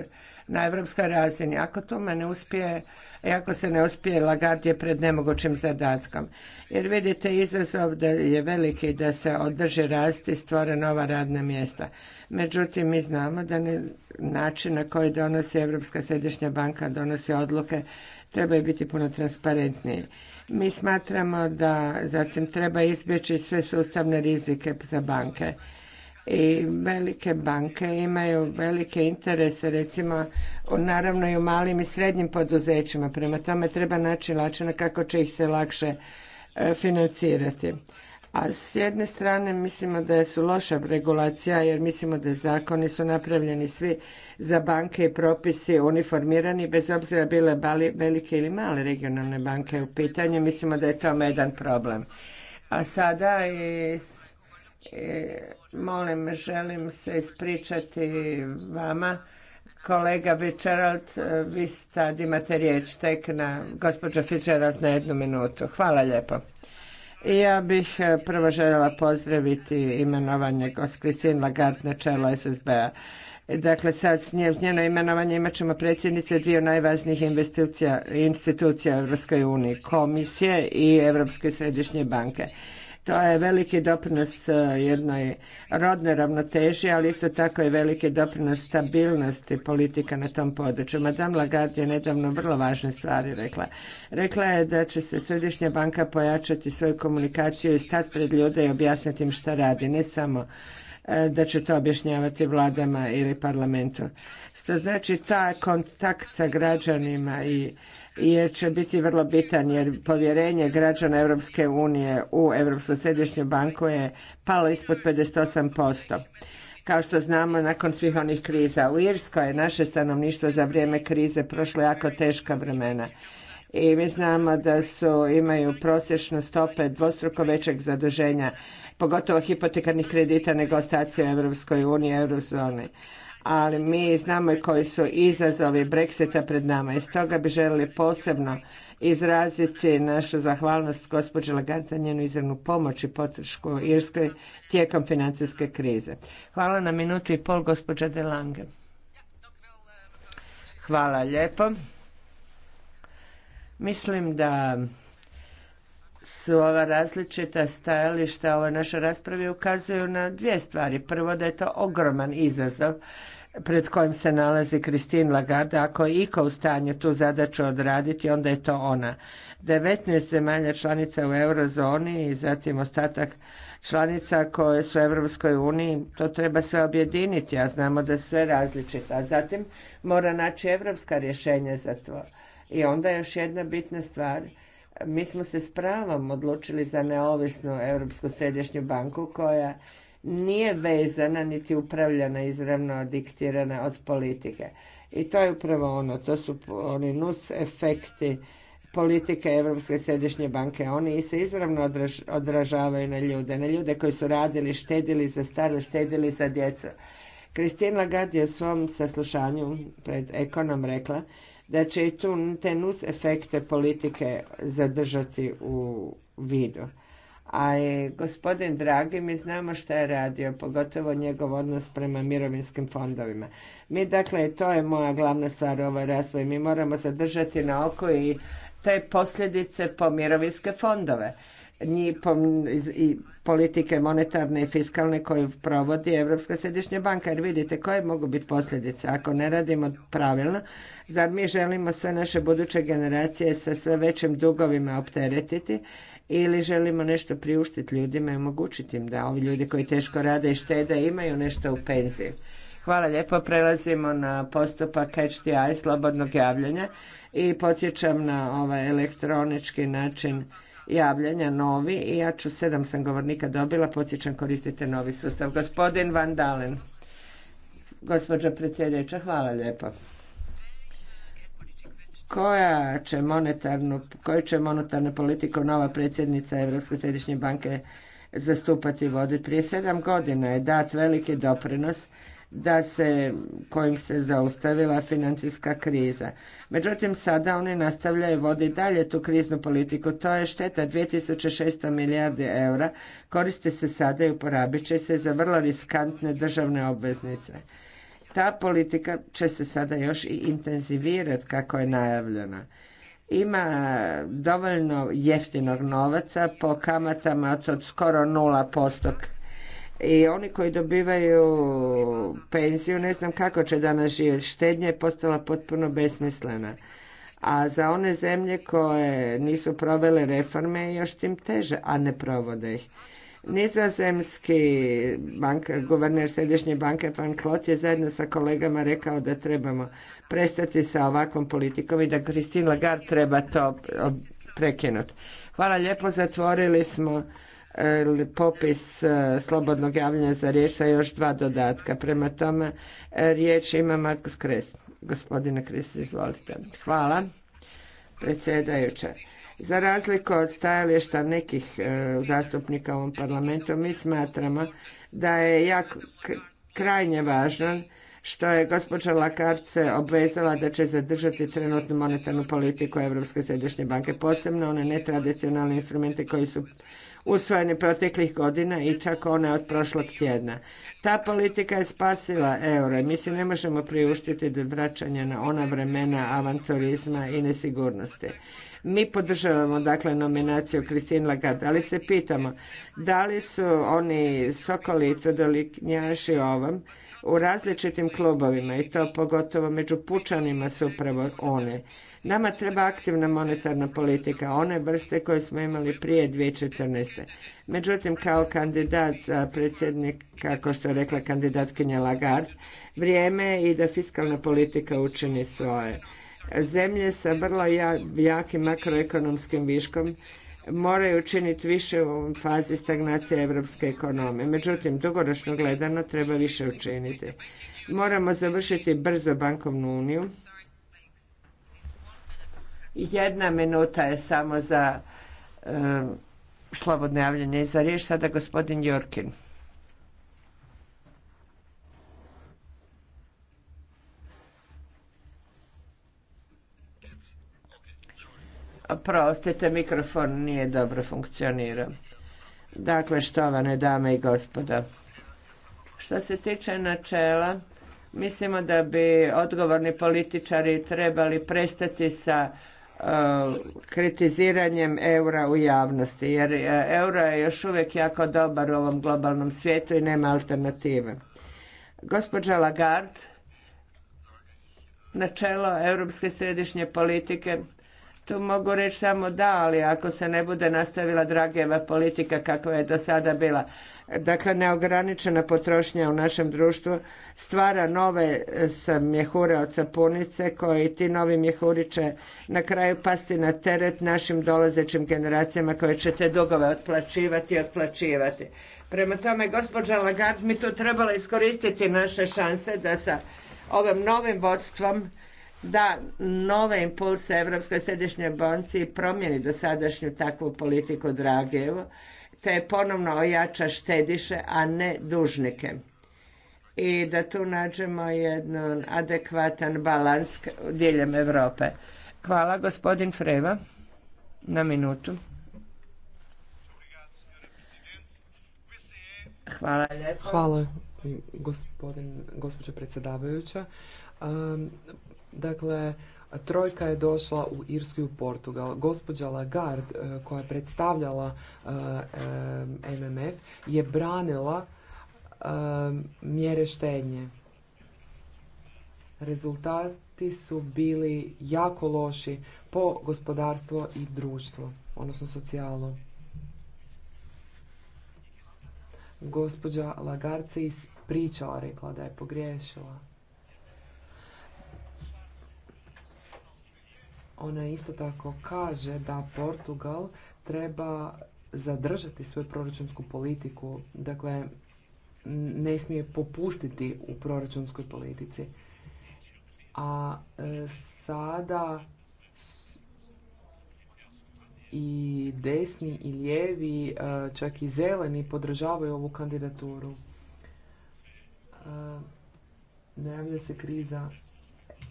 na evropskoj razini. Ako tome ne uspije, e, ako se ne uspije, lagatije je pred nemogućim zadatkom. Jer vidite, izazov da je veliki da se održi rast i stvore nova radna mjesta. Međutim, mi znamo da način na koji donosi Europska središnja banka donosi odluke trebaju biti puno transparentniji. Mi smatramo da zatim treba izbjeći sve sustavne rizike za banke. I velike banke imaju velike interese, recimo, naravno i u malim i srednjim poduzećima. Prema tome treba naći načina kako će ih se lakše e, financirati. A s jedne strane mislimo da su loša regulacija jer mislimo da zakoni su napravljeni svi za banke i propisi uniformirani bez obzira bile velike ili male regionalne banke u pitanju. Mislimo da je to jedan problem. A sada i, molim, želim se ispričati vama kolega Fitzgerald, vi sad imate riječ tek na gospođo Fitzgerald na jednu minutu. Hvala lijepo. Ja bih e, prvo željela pozdraviti imenovanje Christine Lagarde na čelo SSB-a. Dakle, sad s njeno imenovanje imat ćemo predsjednice dvije najvažnijih institucija, institucija u Europskoj komisije i Europske središnje banke. To je veliki doprinos e, jednoj rodnoj ravnoteži, ali isto tako je veliki doprinos stabilnosti politika na tom području. Madame Lagarde je nedavno vrlo važne stvari rekla. Rekla je da će se Središnja banka pojačati svoju komunikaciju i stati pred ljude i objasniti im što radi. Ne samo e, da će to objašnjavati vladama ili parlamentu. Što znači ta kontakt sa građanima i jer će biti vrlo bitan jer povjerenje građana Europske unije u Europsku središnju banku je palo ispod 58%. Kao što znamo, nakon svih onih kriza u Irskoj je naše stanovništvo za vrijeme krize prošlo jako teška vremena i mi znamo da su, imaju prosječne stope dvostruko većeg zaduženja, pogotovo hipotekarnih kredita nego ostaci Europskoj uniji i Eurozoni ali mi znamo i koji su izazovi Brexita pred nama i stoga bi želili posebno izraziti našu zahvalnost gospođi Lagarde za njenu izravnu pomoć i podršku Irskoj tijekom financijske krize. Hvala na minutu i pol gospođa De Lange. Hvala lijepo. Mislim da su ova različita stajališta ovoj našoj raspravi ukazuju na dvije stvari. Prvo da je to ogroman izazov pred kojim se nalazi Kristin Lagarde. Ako je Iko u stanju tu zadaću odraditi, onda je to ona. 19 zemalja članica u eurozoni i zatim ostatak članica koje su u Europskoj uniji, to treba sve objediniti, a znamo da su sve različite. A zatim mora naći europska rješenja za to. I onda još jedna bitna stvar – mi smo se s pravom odlučili za neovisnu Europsku središnju banku koja nije vezana niti upravljana izravno diktirana od politike. I to je upravo ono, to su oni nus efekti politike Europske središnje banke. Oni se izravno odražavaju na ljude, na ljude koji su radili, štedili za stare, štedili za djecu. Kristina Lagarde je u svom saslušanju pred Ekonom rekla da će i tu te nus efekte politike zadržati u vidu. A gospodin Dragi, mi znamo šta je radio, pogotovo njegov odnos prema mirovinskim fondovima. Mi dakle, to je moja glavna stvar u ovoj mi moramo zadržati na oko i te posljedice po mirovinske fondove njipom i politike monetarne i fiskalne koju provodi Europska središnja banka. Jer vidite koje mogu biti posljedice ako ne radimo pravilno. Zar mi želimo sve naše buduće generacije sa sve većim dugovima opteretiti ili želimo nešto priuštiti ljudima i omogućiti im da ovi ljudi koji teško rade i štede imaju nešto u penziji. Hvala lijepo. Prelazimo na postupak HTI, slobodnog javljanja i podsjećam na ovaj elektronički način javljanja novi i ja ću sedam sam govornika dobila, podsjećam koristite novi sustav. Gospodin Van Dalen. gospođa predsjedeća, hvala lijepo. Koja će monetarnu, koju će monetarnu politiku nova predsjednica Europske središnje banke zastupati vodi? Prije sedam godina je dat veliki doprinos da se, kojim se zaustavila financijska kriza. Međutim, sada oni nastavljaju vodi dalje tu kriznu politiku. To je šteta 2600 milijardi eura. Koriste se sada i uporabit će se za vrlo riskantne državne obveznice. Ta politika će se sada još i intenzivirati kako je najavljena ima dovoljno jeftinog novaca po kamatama od skoro 0% i oni koji dobivaju penziju ne znam kako će danas živjeti. Štednja je postala potpuno besmislena. A za one zemlje koje nisu provele reforme još tim teže, a ne provode ih. Nizozemski banka, guverner Središnje banke Van Klot je zajedno sa kolegama rekao da trebamo prestati sa ovakvom politikom i da Christine Lagarde treba to prekinuti. Hvala lijepo, zatvorili smo E, popis e, slobodnog javljanja za riječ još dva dodatka. Prema tome, e, riječ ima Markus Kres. Gospodine Kres, izvolite. Hvala, predsjedajuća. Za razliku od stajališta nekih zastupnika u ovom parlamentu, mi smatramo da je jako krajnje važan što je gospođa lakarce se obvezala da će zadržati trenutnu monetarnu politiku Europske središnje banke, posebno one netradicionalne instrumente koji su usvojeni proteklih godina i čak one od prošlog tjedna. Ta politika je spasila euro i mi se ne možemo priuštiti do vraćanja na ona vremena avanturizma i nesigurnosti. Mi podržavamo dakle nominaciju Christine Lagarde, ali se pitamo da li su oni sokoli i ovom u različitim klubovima i to pogotovo među pučanima su upravo one. Nama treba aktivna monetarna politika, one vrste koje smo imali prije 2014. Međutim, kao kandidat za predsjednik, kako što je rekla kandidatkinja Lagarde, vrijeme je i da fiskalna politika učini svoje. Zemlje sa vrlo jakim makroekonomskim viškom moraju učiniti više u fazi stagnacije europske ekonomije. Međutim, dugoročno gledano treba više učiniti. Moramo završiti brzo bankovnu uniju. Jedna minuta je samo za slobodno javljanje i za riječ. Sada gospodin Jorkin. Prostite, mikrofon nije dobro funkcionirao. Dakle, štovane dame i gospoda, što se tiče načela, mislimo da bi odgovorni političari trebali prestati sa e, kritiziranjem eura u javnosti, jer e, euro je još uvijek jako dobar u ovom globalnom svijetu i nema alternative. Gospođa Lagarde, načelo europske središnje politike tu mogu reći samo da, ali ako se ne bude nastavila Drageva politika kakva je do sada bila, dakle neograničena potrošnja u našem društvu stvara nove e, mjehure od sapunice koji ti novi mjehuri će na kraju pasti na teret našim dolazećim generacijama koje će te dugove otplaćivati i otplaćivati. Prema tome, gospođa Lagard, mi tu trebala iskoristiti naše šanse da sa ovim novim vodstvom da nove impulse evropskoj središnjoj banci promijeni dosadašnju takvu politiku dragevo te ponovno ojača štediše, a ne dužnike. I da tu nađemo jedan adekvatan balans diljem Europe. Hvala, gospodin Freva, na minutu. Hvala lijepo. Hvala, gospodin, gospođo predsjedavajuća. Dakle, trojka je došla u Irsku i u Portugal. Gospođa Lagarde, e, koja je predstavljala e, e, MMF, je branila mjere štednje. Rezultati su bili jako loši po gospodarstvo i društvo, odnosno socijalno. Gospođa Lagarde se ispričala, rekla da je pogriješila. Ona isto tako kaže da Portugal treba zadržati svoju proračunsku politiku, dakle ne smije popustiti u proračunskoj politici. A e, sada i desni i lijevi, e, čak i zeleni podržavaju ovu kandidaturu. E, Najavlja se kriza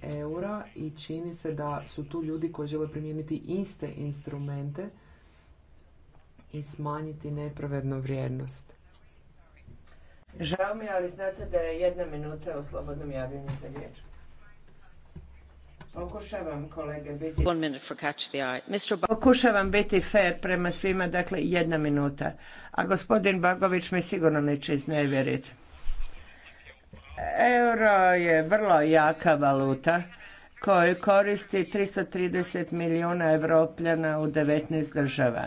eura i čini se da su tu ljudi koji žele primijeniti iste instrumente i smanjiti nepravednu vrijednost. Žao mi, ali znate da je jedna minuta u slobodnom javljanju za riječ. Pokušavam kolege biti... Pokušavam biti fair prema svima, dakle jedna minuta. A gospodin Bagović me sigurno neće iznevjeriti. Euro je vrlo jaka valuta koju koristi 330 milijuna evropljana u 19 država.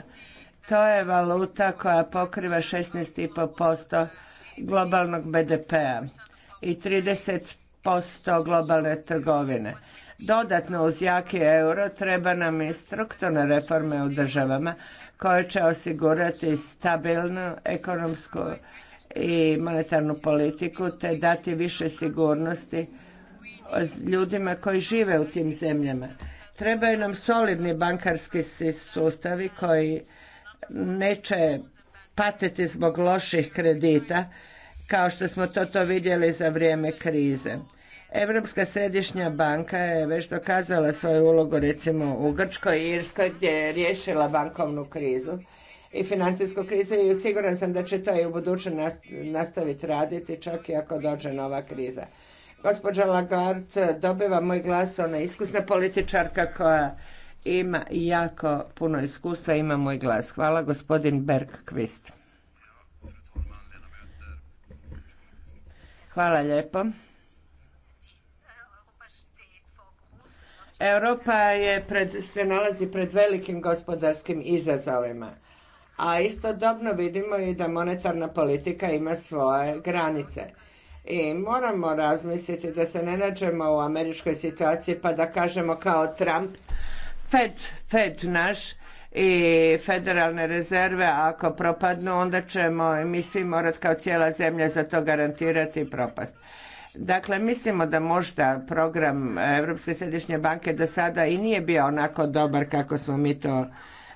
To je valuta koja pokriva 16,5% globalnog BDP-a i 30% globalne trgovine. Dodatno uz jaki euro treba nam i strukturne reforme u državama koje će osigurati stabilnu ekonomsku i monetarnu politiku te dati više sigurnosti ljudima koji žive u tim zemljama. Trebaju nam solidni bankarski sustavi koji neće patiti zbog loših kredita kao što smo to to vidjeli za vrijeme krize. Europska središnja banka je već dokazala svoju ulogu recimo u Grčkoj i Irskoj gdje je riješila bankovnu krizu i financijsku krizu i siguran sam da će to i u budućnosti nastaviti raditi čak i ako dođe nova kriza. Gospođa Lagarde dobiva moj glas, ona je iskusna političarka koja ima jako puno iskustva, ima moj glas. Hvala gospodin Bergqvist. Hvala lijepo. Europa je pred, se nalazi pred velikim gospodarskim izazovima a istodobno vidimo i da monetarna politika ima svoje granice. I moramo razmisliti da se ne nađemo u američkoj situaciji pa da kažemo kao Trump, Fed, Fed naš i federalne rezerve, ako propadnu onda ćemo i mi svi morat kao cijela zemlja za to garantirati i propast. Dakle, mislimo da možda program Europske središnje banke do sada i nije bio onako dobar kako smo mi to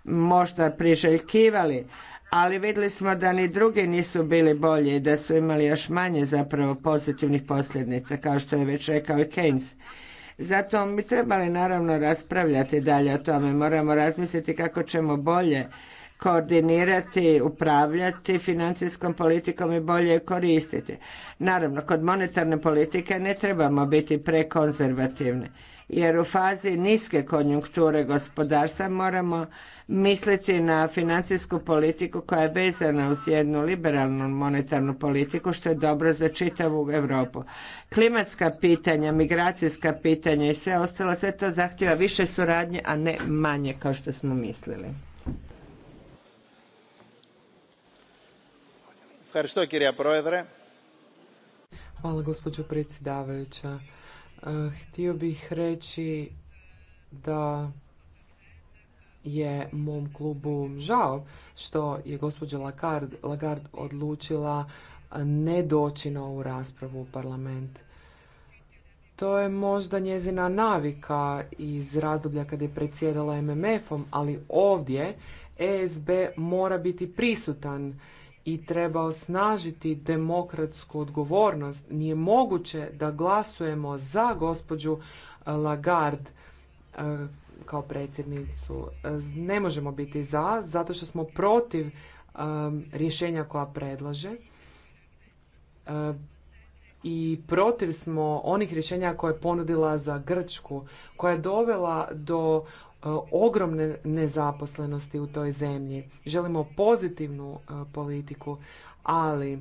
možda priželjkivali, ali vidjeli smo da ni drugi nisu bili bolji i da su imali još manje zapravo pozitivnih posljedica, kao što je već rekao i Keynes. Zato mi trebali naravno raspravljati dalje o tome. Moramo razmisliti kako ćemo bolje koordinirati, upravljati financijskom politikom i bolje koristiti. Naravno, kod monetarne politike ne trebamo biti prekonzervativni, jer u fazi niske konjunkture gospodarstva moramo misliti na financijsku politiku koja je vezana uz jednu liberalnu monetarnu politiku što je dobro za čitavu Europu. Klimatska pitanja, migracijska pitanja i sve ostalo, sve to zahtjeva više suradnje, a ne manje kao što smo mislili. Hvala gospođo predsjedavajuća. Htio bih reći da je mom klubu žao što je gospođa Lagarde, odlučila ne doći na ovu raspravu u parlament. To je možda njezina navika iz razdoblja kad je predsjedala MMF-om, ali ovdje ESB mora biti prisutan i treba osnažiti demokratsku odgovornost. Nije moguće da glasujemo za gospođu Lagarde kao predsjednicu ne možemo biti za zato što smo protiv um, rješenja koja predlaže um, i protiv smo onih rješenja koje je ponudila za Grčku koja je dovela do uh, ogromne nezaposlenosti u toj zemlji. Želimo pozitivnu uh, politiku, ali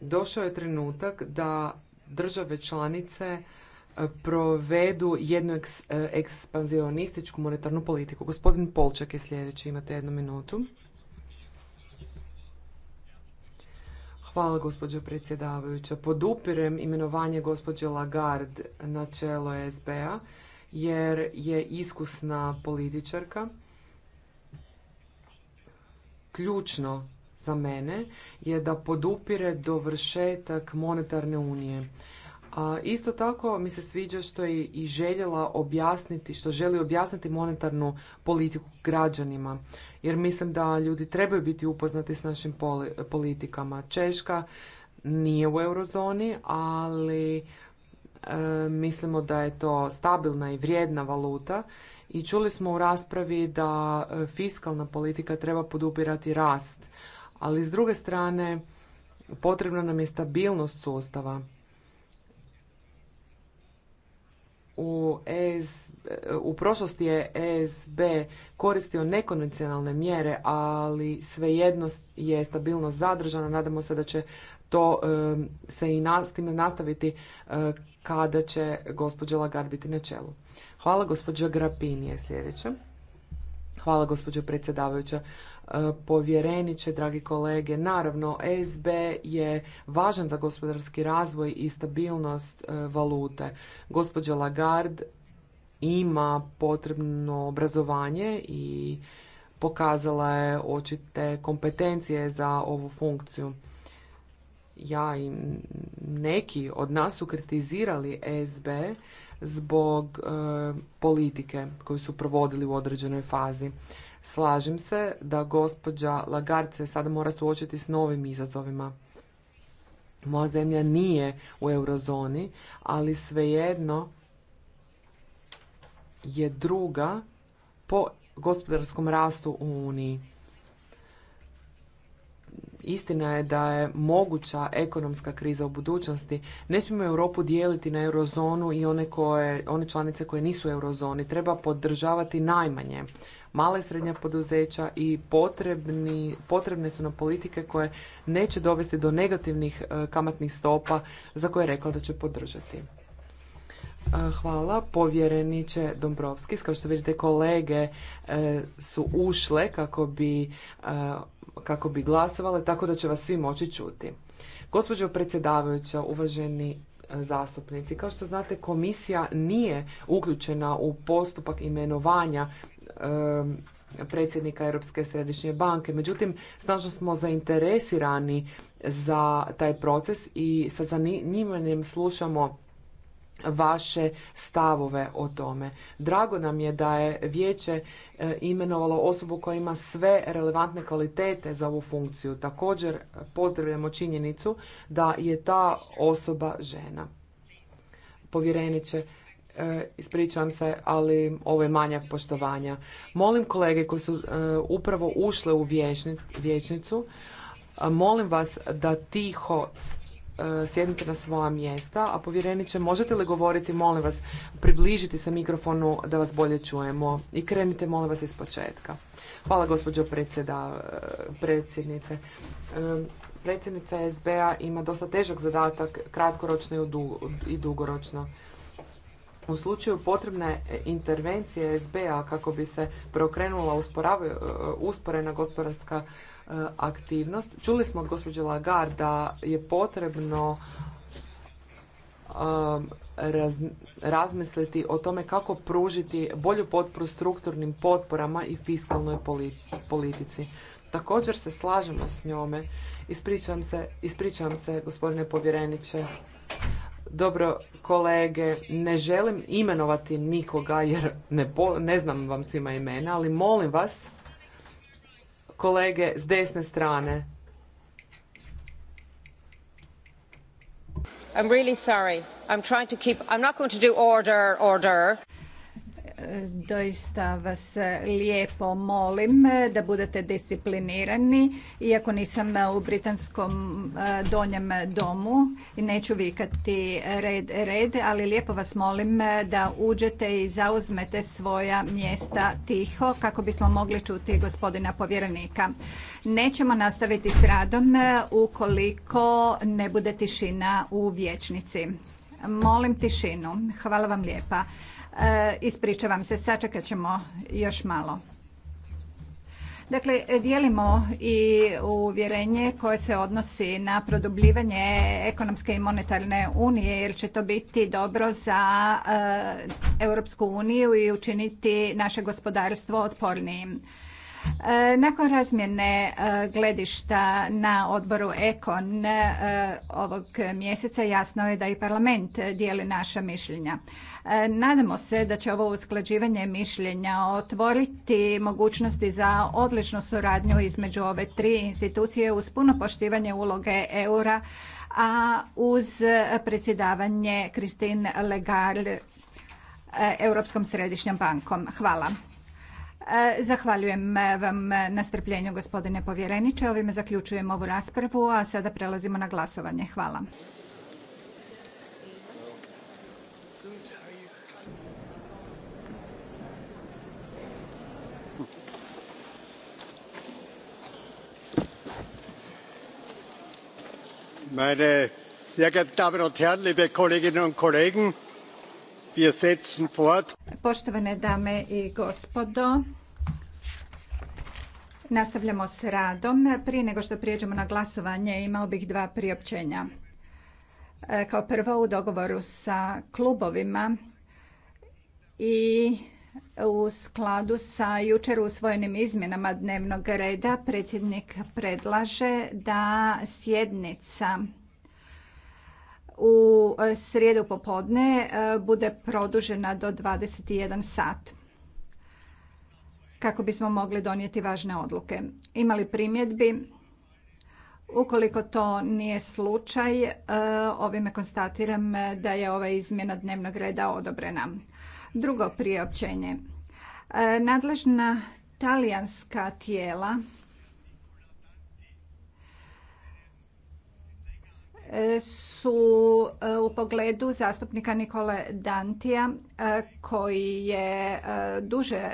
došao je trenutak da države članice provedu jednu e, ekspanzionističku monetarnu politiku. Gospodin Polčak je sljedeći, imate jednu minutu. Hvala gospođo predsjedavajuća. Podupirem imenovanje gospođe Lagarde na čelo SBA jer je iskusna političarka ključno za mene je da podupire dovršetak monetarne unije Isto tako mi se sviđa što je i željela objasniti, što želi objasniti monetarnu politiku građanima, jer mislim da ljudi trebaju biti upoznati s našim politikama. Češka nije u eurozoni, ali e, mislimo da je to stabilna i vrijedna valuta i čuli smo u raspravi da e, fiskalna politika treba podupirati rast, ali s druge strane potrebna nam je stabilnost sustava u, u prošlosti je ESB koristio nekonvencionalne mjere, ali svejedno je stabilnost zadržana. Nadamo se da će to se i s time nastaviti e, kada će gospođa Lagarde biti na čelu. Hvala gospođa Grapini je sljedeća. Hvala gospođo predsjedavajuća. E, povjereniče, dragi kolege, naravno SB je važan za gospodarski razvoj i stabilnost e, valute. Gospođa Lagarde ima potrebno obrazovanje i pokazala je očite kompetencije za ovu funkciju. Ja i neki od nas su kritizirali SB zbog e, politike koju su provodili u određenoj fazi. Slažem se da gospođa Lagarce sada mora suočiti s novim izazovima. Moja zemlja nije u eurozoni, ali svejedno je druga po gospodarskom rastu u Uniji. Istina je da je moguća ekonomska kriza u budućnosti. Ne smijemo Europu dijeliti na eurozonu i one, koje, one članice koje nisu u eurozoni. Treba podržavati najmanje mala i srednja poduzeća i potrebne su nam politike koje neće dovesti do negativnih e, kamatnih stopa za koje je rekla da će podržati. Hvala, povjereniče Dombrovskis. Kao što vidite, kolege e, su ušle kako bi, e, kako bi glasovale, tako da će vas svi moći čuti. Gospođo predsjedavajuća, uvaženi e, zastupnici, kao što znate, komisija nije uključena u postupak imenovanja predsjednika Europske središnje banke. Međutim, snažno smo zainteresirani za taj proces i sa zanimanjem slušamo vaše stavove o tome. Drago nam je da je vijeće e, imenovalo osobu koja ima sve relevantne kvalitete za ovu funkciju. Također e, pozdravljamo činjenicu da je ta osoba žena. Povjereniče, e, ispričavam se, ali ovo je manjak poštovanja. Molim kolege koji su upravo ušle u vijećnicu, molim vas da tiho E, sjednite na svoja mjesta, a povjereniče možete li govoriti, molim vas, približiti se mikrofonu da vas bolje čujemo i krenite, molim vas, iz početka. Hvala, gospođo e, predsjednice. E, predsjednica SB-a ima dosta težak zadatak, kratkoročno i dugoročno u slučaju potrebne e, intervencije SBA kako bi se preokrenula e, usporena gospodarska e, aktivnost. Čuli smo od gospođe Lagarde da je potrebno um, razmisliti o tome kako pružiti bolju potporu strukturnim potporama i fiskalnoj politici. Također se slažemo s njome. Ispričavam se, ispričavam se gospodine povjereniče dobro, kolege, ne želim imenovati nikoga jer ne, ne znam vam svima imena, ali molim vas, kolege s desne strane. I'm really sorry. I'm trying to keep... I'm not going to do order, order doista vas lijepo molim da budete disciplinirani. Iako nisam u britanskom e, donjem domu i neću vikati red, red, ali lijepo vas molim da uđete i zauzmete svoja mjesta tiho kako bismo mogli čuti gospodina povjerenika. Nećemo nastaviti s radom ukoliko ne bude tišina u vječnici. Molim tišinu. Hvala vam lijepa. E, ispričavam se, sačekat ćemo još malo. Dakle, dijelimo i uvjerenje koje se odnosi na produbljivanje ekonomske i monetarne unije, jer će to biti dobro za e, Europsku uniju i učiniti naše gospodarstvo otpornijim. E, nakon razmjene e, gledišta na odboru Ekon e, ovog mjeseca jasno je da i parlament dijeli naša mišljenja. Nadamo se da će ovo usklađivanje mišljenja otvoriti mogućnosti za odličnu suradnju između ove tri institucije uz puno poštivanje uloge eura, a uz predsjedavanje Christine Lagarde Europskom središnjom bankom. Hvala. E, zahvaljujem vam na strpljenju gospodine povjereniče. Ovime zaključujem ovu raspravu, a sada prelazimo na glasovanje. Hvala. Meine und Kollegen, Poštovane dame i gospodo, nastavljamo s radom. Prije nego što prijeđemo na glasovanje imao bih dva priopćenja. E, kao prvo u dogovoru sa klubovima i u skladu sa jučer usvojenim izmjenama dnevnog reda predsjednik predlaže da sjednica u e, srijedu popodne e, bude produžena do 21 sat kako bismo mogli donijeti važne odluke. Imali primjedbi? Ukoliko to nije slučaj, e, ovime konstatiram da je ova izmjena dnevnog reda odobrena. Drugo priopćenje. Nadležna talijanska tijela E, su e, u pogledu zastupnika Nikole Dantija e, koji je duže